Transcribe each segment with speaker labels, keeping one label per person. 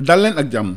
Speaker 1: dal ak jàmm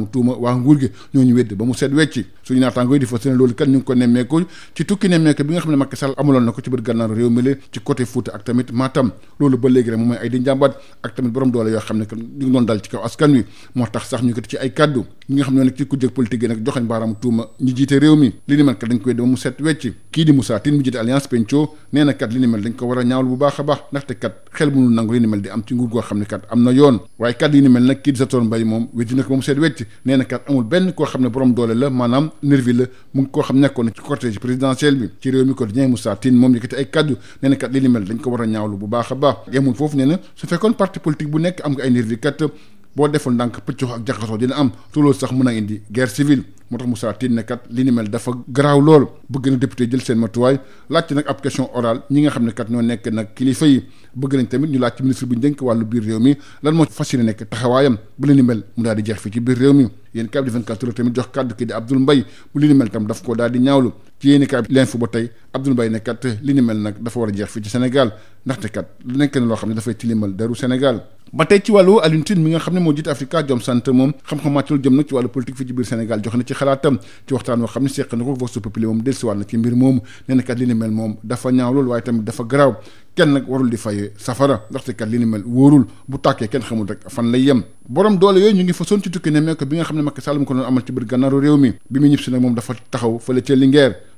Speaker 1: baaraamu tuuma waa nguur gi ñooñu wedd ba mu seet wecci suñu naataango yi di fas yéene loolu kat ñu ngi ko nemmeeku ci tukki nemmeeku bi nga xam ne Macky Sall amuloon na ko ci biir gànnaaru réew mi ci côté Fouta ak tamit Matam loolu ba léegi rek moom mooy ay di njàmbaat ak tamit borom doole yoo xam ne ñu ngi doon dal ci kaw askan wi moo tax sax ñu kat ci ay kaddu ñi nga xam ne nag ci ku jëkk politique joxañ baaraam tuuma ñu jiite réew mi li mel kat dañ koy dem mu set wecc kii di Moussa Tine mu jiite alliance Pencco nee na mel dañ ko war a a ba mu set wecc nee na kat amul benn koo xam ne borom koo xam nekkoon ci a ñaawlu bu baax a baax yemul foofu nee su fekkoon parti politique bu nekk am nga ay nervi boo deful ndànk pëccoo ak jaxasoo dina am te sax mun a indi guerre civile moo tax Moussa Tine ne kat li ni mel dafa garaaw lool bëgg na député jël seen matuwaay laajte nag ab question ñi nga xam ne kat ñoo nekk nag kilifa yi bëgg nañ tamit ñu laaj ci ministre bu njënk wàllu biir réew mi lan moo fas yéene nekk taxawaayam bu leen ni mel mu daal di jeex fii ci biir réew mi. yéen kaay bi di 24 heures tamit jox kàddu bu li ni mel tam daf ko daal di ñaawlu ci yéen kaay bi l'info ba tey Abdoul Mbaye li ni mel nag dafa war a jeex fii ci Sénégal ndaxte kat nekk na loo xam ne dafay tilimal deru Sénégal ba tey ci wàllu Alioune Tine mi nga xam ne moo jiite Africa Jom Center moom xam-xam màcc jëm nag ci wàllu politique fii ci biir Sénégal jox na ci xalaatam ci waxtaan woo xam ne seeq na ko Vox Populi moom dellusiwaat na ci mbir moomu nee na moom dafa ñaaw loolu waaye tamit dafa garaaw kenn nag warul di fay safara ndaxte kat li ni mel wóorul bu tàkkee kenn xamul rek fan lay yem borom doole yooyu ñu ngi fa son ci tukki ne mee ko bi nga xam ne ma Sall mu ko doon amal ci biir gànnaaru réew mi bi mu si nag moom dafa taxaw fële ca Linguère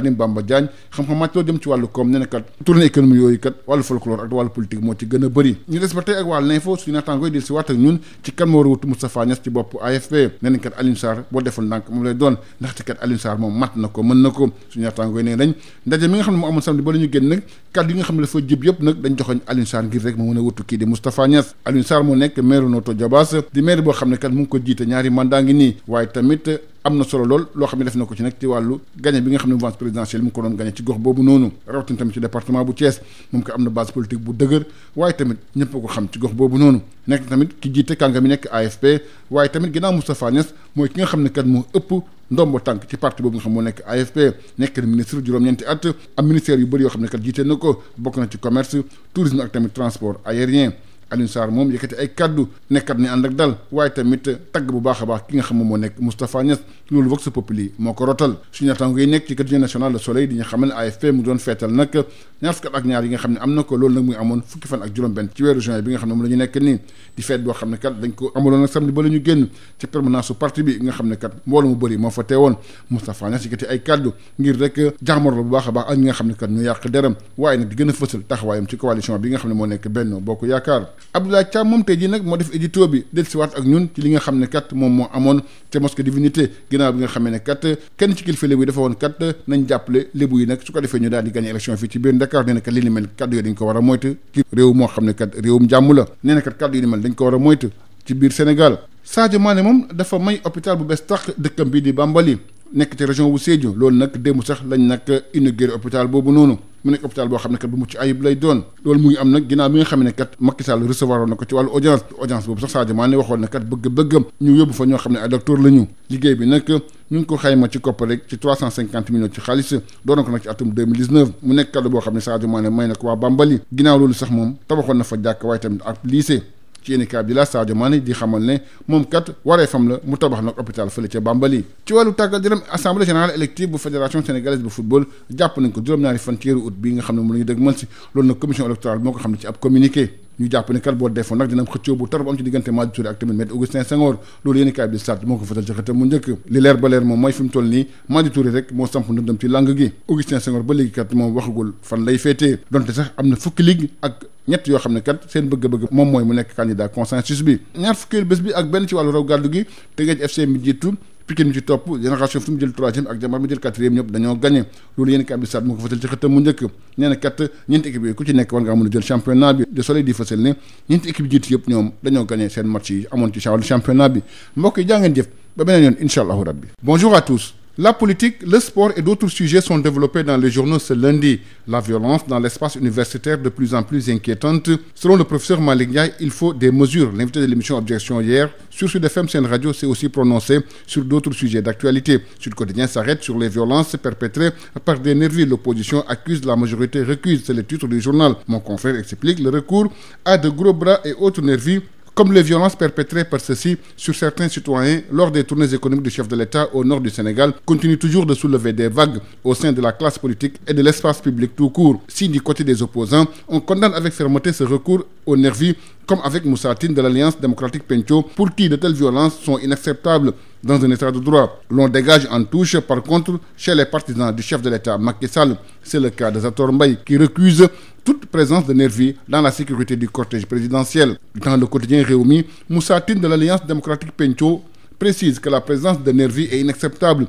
Speaker 1: Khadim Bamba Diagne xam-xam màcc loo jëm ci wàllu koom nee na kat tournée wàllu folklore ak wàllu politique moo ci gën a bëri ñu des ba tey ak wàllu l'info suñu naataangooy dil si waat ak ci kan moo war a wut Moustapha Niass ci bopp AFP nee nañ boo deful ndànk moom lay doon ndax kat Alioune moom mat na ko mën na ko suñu naataangooy nee nañ ndaje mi nga xam ne moo amoon samedi ba la génn nag kàddu yi nga xam ne dafa jib yëpp nag dañ a am na solo lool loo xam ne def na ko ci nag ci wàllu gagné bi nga xam ne mouvance présidentielle mu ko doon gagné ci gox boobu noonu rawatina tamit ci département bu Thiès moom ko am na base politique bu dëgër waaye tamit ñëpp ko xam ci gox boobu noonu nekk tamit ki jiite kàngam yi nekk AFP waaye tamit ginnaaw Moustapha Niass mooy ki nga xam ne kat moo ëpp ndombo tànk ci parti boobu nga xam moo nekk AFP nekk na ministre juróom-ñeenti at am ministère yu yoo xam ne kat jiite na ko bokk na ci commerce tourisme ak tamit transport aérien Alioune Sarr moom yëkkati ay kaddu nekkat ni ànd ak dal waaye tamit tagg bu baax a baax ki nga xam moom moo nekk Moustapha Niass loolu Vox Populi moo ko rotal suñu naataango yi nekk ci quotidien ne AFP mu doon feetal nag ñaar fukki at ak ñaar yi nga xam na ko loolu nag muy amoon fukki fan ak juróom benn ci weeru juin bi nga xam ne moom ne kat ñu a baax ak ñi nga yàq deram waaye nag di gën a fësal taxawaayam ci coalition bi nga xam ne moo nekk Benno Bokk Yaakaar Abdoulaye Thiam moom tey jii nag moo def édito bi dellusiwaat ak ñun ci li nga xam ne kat moom moo amoon ca mosquée divinité ginnaaw bi nga xamee ne kat kenn ci kilifa lébu yi dafa woon kat nañ jàppale lébu yi nag su ko defee ñu daal di gagné élection fii ci biir Dakar nee na ni mel a moytu ci réew moo xam ne kat réewum jàmm kat yi ni mel dañ ko war a moytu ci biir Sénégal Sadio Mané moom dafa may hôpital bu bees tax dëkkam bii di Bambali nekk ci région bu Sédhiou loolu nag démb sax lañ nag inauguré hôpital boobu noonu mu nekk hôpital boo xam ne kat bu mucc ayib lay doon loolu mu ngi am nag ginnaaw bi nga xam ne kat Macky Sall recevoir woon na ko ci wàllu audience audience boobu sax Sadio Mané waxoon na kat bëgg-bëggam ñu yóbbu fa ñoo xam ne ay docteur la liggéey bi nag ñu ngi ko xayma ci koppar rek ci trois cent cinquante millions ci xaalis doon ko nag ci atum 2019 mu nekk kàddu boo xam ne a Mané may na ko waa Bambali ginnaaw loolu sax moom ci yéenekaay bi la Sadio Mané di xamal ne moom kat wareefam la mu tabax nag hôpital fële ca Bambali ci wàllu tàggat yaram assemblée générale élective bu fédération sénégalaise bu football jàpp nañ ko juróom-ñaari fan ci weeru bi nga xam ne mu la ñu dëgg mën si loolu nag commission électorale moo ko xam ne ci ab communiqué ñu jàpp ne kat boo defoon nag dina am xëccoo bu tar bu am ci diggante Madiou ak tamit maître Augustin Senghor loolu yéeni bi sart moo ko fësal ci xëtam mu njëkk li leer ba leer moom mooy fi toll nii Madiou rek moo samp ndëndam ci langue gi Augustin Senghor ba léegi kat moom waxagul fan lay féetee donte sax am na fukki ligue ak ñett yoo xam ne kat seen bëgg-bëgg moom mooy mu nekk candidat consensus bi ñaar fukkeelu bés bi ak benn ci wàllu Pikine mi ci topp génération fu mu jël troisième ak Jambar mu jël quatrième ñëpp dañoo gagné loolu yéen kay Abdou mu ko fësal ci xëttam mu njëkk nee na kat ñeenti équipe yi ku ci nekk war ngaa mën a jël championnat bi de soleil di fësal ne ñeenti équipe yi jiitu yëpp ñoom dañoo gagné seen match yi amoon ci championnat bi mbokk yi jaa jëf ba beneen yoon incha allahu rabbi bonjour à La politique, le sport et d'autres sujets sont développés dans les journaux ce lundi. La violence dans l'espace universitaire de plus en plus inquiétante. Selon le professeur Malick Ndiaye, il faut des mesures. L'invité de l'émission Objection hier sur Sud FM Sen Radio s'est aussi prononcé sur d'autres sujets d'actualité. Sud Quotidien s'arrête sur les violences perpétrées par des nervis. L'opposition accuse, la majorité recuse. C'est le titre du comme les violences perpétrées par ceux-ci sur certains citoyens lors des tournées économiques du chef de l'État au nord du Sénégal continuent toujours de soulever des vagues au sein de la classe politique et de l'espace public tout court. Si du côté des opposants, on condamne avec fermeté ce recours aux nervis comme avec Moussa Tine de l'Alliance démocratique Pencho, pour qui de telles violences sont inacceptables dans un état de droit. L'on dégage en touche, par contre, chez les partisans du chef de l'État Macky C'est le cas de Zator qui recuse toute présence de nervis dans la sécurité du cortège présidentiel. Dans le quotidien Réumi, Moussa de l'Alliance démocratique Pencho précise que la présence de nervis est inacceptable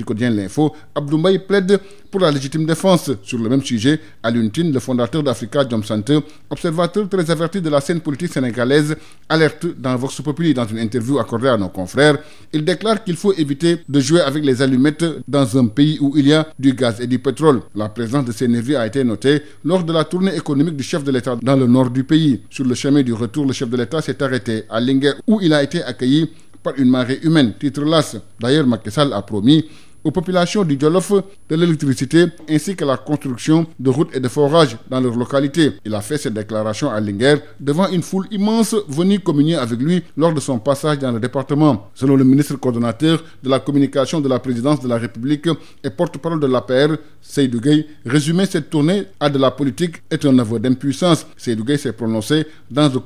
Speaker 1: du quotidien L'Info, Abdou Mbaye plaide pour la légitime défense. Sur le même sujet, Alioune le fondateur d'Africa Jom Center, observateur très averti de la scène politique sénégalaise, alerte dans Vox Populi dans une interview accordée à nos confrères. Il déclare qu'il faut éviter de jouer avec les allumettes dans un pays où il y a du gaz et du pétrole. La présence de ces nervis a été notée lors de la tournée économique du chef de l'État dans le nord du pays. Sur aux populations du Djolof de l'électricité ainsi que la construction de routes et de forages dans leur localité. Il a fait cette déclaration à Linguère devant une foule immense venue communier avec lui lors de son passage dans le département. Selon le ministre coordonnateur de la communication de la présidence de la République et porte-parole de l'APR, Seydou résumer cette tournée à de la politique est un aveu d'impuissance. Seydou Gueye s'est prononcé dans le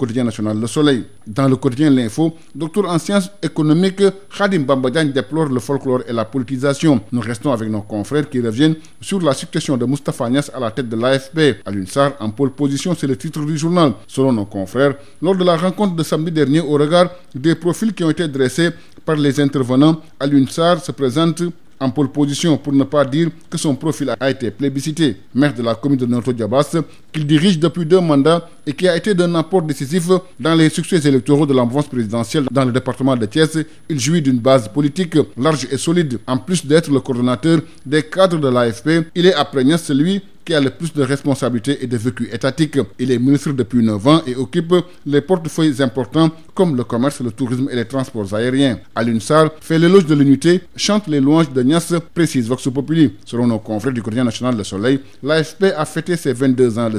Speaker 1: rédaction. Nous restons avec nos confrères qui reviennent sur la succession de Moustapha Niass à la tête de l'AFP. Alioune en pole position, c'est le titre du journal. Selon nos confrères, lors de la rencontre de samedi dernier au regard des profils qui ont été dressés par les intervenants, Alioune se présente en pole position pour ne pas dire que son profil a été plébiscité. Maire de la commune de Notre Diabas, qu'il dirige depuis deux mandats et qui a été d'un apport décisif dans les succès électoraux de la présidentielle dans le département de Thiès. Il jouit d'une base politique large et solide. En plus d'être le coordonnateur des cadres de l'AFP, il est après Niasse celui qui a le plus de responsabilités et de vécu étatique. Il est ministre depuis 9 ans et occupe les portefeuilles importants comme le commerce, le tourisme et les transports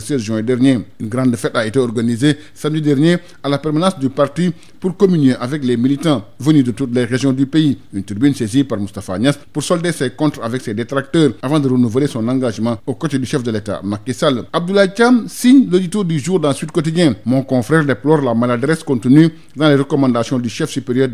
Speaker 1: 16 juin dernier. Une grande fête a été organisée samedi dernier à la permanence du parti pour communier avec les militants venus de toutes les régions du pays. Une tribune saisie par Moustapha Niasse pour solder ses comptes avec ses détracteurs avant de renouveler son engagement aux côtés du chef de l'État, Macky Sall. Abdoulaye signe l'édito du jour dans Quotidien. Mon confrère déplore la maladresse contenue dans les recommandations du chef supérieur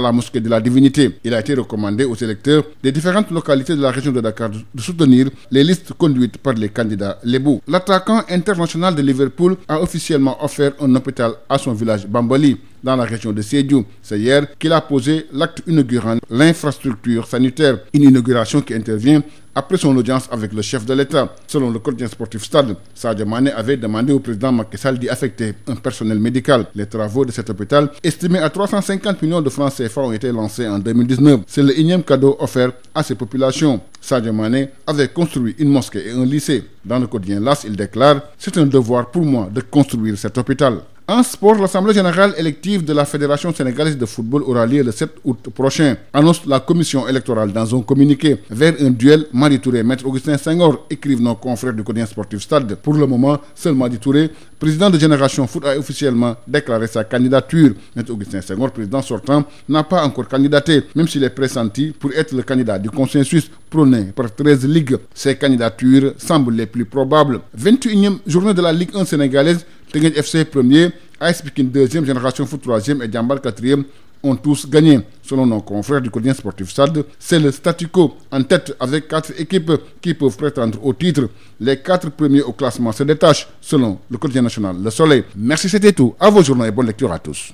Speaker 1: à la mosquée de la divinité. Il a été recommandé aux électeurs des différentes localités de la région de Dakar de soutenir les listes conduites par les candidats lébou. L'attaquant international de Liverpool a officiellement offert un hôpital à son village Bambali. dans la région de Sédhiou. C'est hier qu'il a posé l'acte inaugurant l'infrastructure sanitaire, une inauguration qui intervient après son audience avec le chef de l'État. Selon le quotidien sportif Stade, Sadio Mané avait demandé au président Macky Sall un personnel médical. Les travaux de cet hôpital, estimés à millions de francs CFA, ont été lancés en C'est le énième cadeau offert à ces populations. Sadio avait construit une mosquée et un lycée. En sport, l'Assemblée générale élective de la Fédération sénégalaise de football aura lieu le 7 août prochain, annonce la commission électorale dans un communiqué vers un duel Madi Maître Augustin Senghor, écrivent nos confrères du quotidien sportif Stade. Pour le moment, seul Madi Touré, président de Génération Foot, a officiellement déclaré sa candidature. Maître Augustin Senghor, président sortant, n'a pas encore candidaté, même s'il est pressenti Teungueth FC premier, AS Pikine deuxième, Génération Foot troisième et Diambal quatrième ont tous gagné. Selon nos confrères du quotidien sportif SAD, c'est le statu en tête avec quatre équipes qui peuvent prétendre au titre. Les quatre premiers au classement se détachent, selon le quotidien national Le Soleil. Merci, c'était tout. À vos journaux et bonne lecture à tous.